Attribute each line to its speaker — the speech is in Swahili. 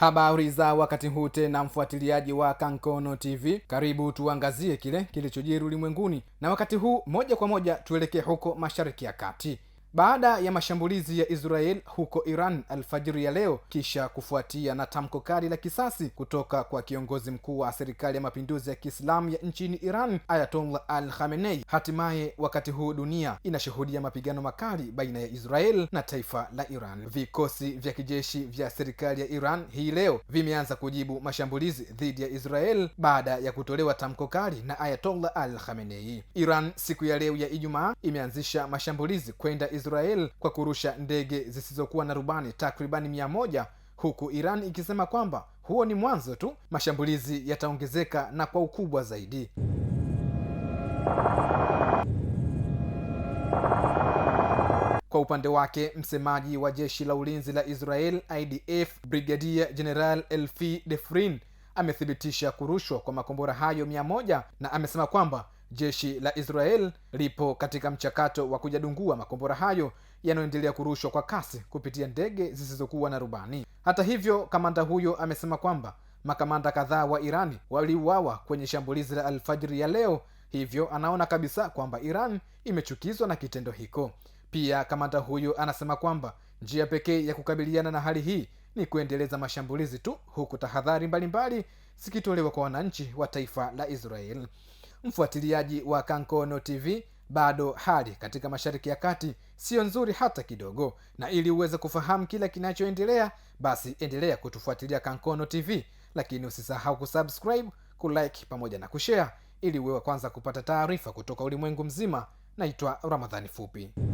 Speaker 1: Habari za wakati huu tena, mfuatiliaji wa Kankono TV, karibu tuangazie kile kilichojiri ulimwenguni, na wakati huu moja kwa moja tuelekee huko Mashariki ya Kati baada ya mashambulizi ya israel huko iran alfajiri ya leo kisha kufuatia na tamko kali la kisasi kutoka kwa kiongozi mkuu wa serikali ya mapinduzi ya kiislamu ya nchini iran ayatollah al khamenei hatimaye wakati huu dunia inashuhudia mapigano makali baina ya israel na taifa la iran vikosi vya kijeshi vya serikali ya iran hii leo vimeanza kujibu mashambulizi dhidi ya israel baada ya kutolewa tamko kali na ayatollah al khamenei iran siku ya leo ya ijumaa imeanzisha mashambulizi kwenda Israel kwa kurusha ndege zisizokuwa na rubani takribani mia moja huku Iran ikisema kwamba huo ni mwanzo tu, mashambulizi yataongezeka na kwa ukubwa zaidi. Kwa upande wake msemaji wa jeshi la ulinzi la Israel IDF, Brigadia general Elfi Defrin amethibitisha kurushwa kwa makombora hayo mia moja na amesema kwamba jeshi la Israel lipo katika mchakato wa kujadungua makombora hayo yanayoendelea kurushwa kwa kasi kupitia ndege zisizokuwa na rubani. Hata hivyo, kamanda huyo amesema kwamba makamanda kadhaa wa Irani waliuawa kwenye shambulizi la alfajiri ya leo, hivyo anaona kabisa kwamba Iran imechukizwa na kitendo hiko. Pia kamanda huyu anasema kwamba njia pekee ya kukabiliana na hali hii ni kuendeleza mashambulizi tu, huku tahadhari mbalimbali zikitolewa kwa wananchi wa taifa la Israel. Mfuatiliaji wa Kankono TV, bado hali katika Mashariki ya Kati siyo nzuri hata kidogo, na ili uweze kufahamu kila kinachoendelea, basi endelea kutufuatilia Kankono TV, lakini usisahau kusubscribe, kulike pamoja na kushare ili uwe wa kwanza kupata taarifa kutoka ulimwengu mzima. Naitwa Ramadhani Fupi.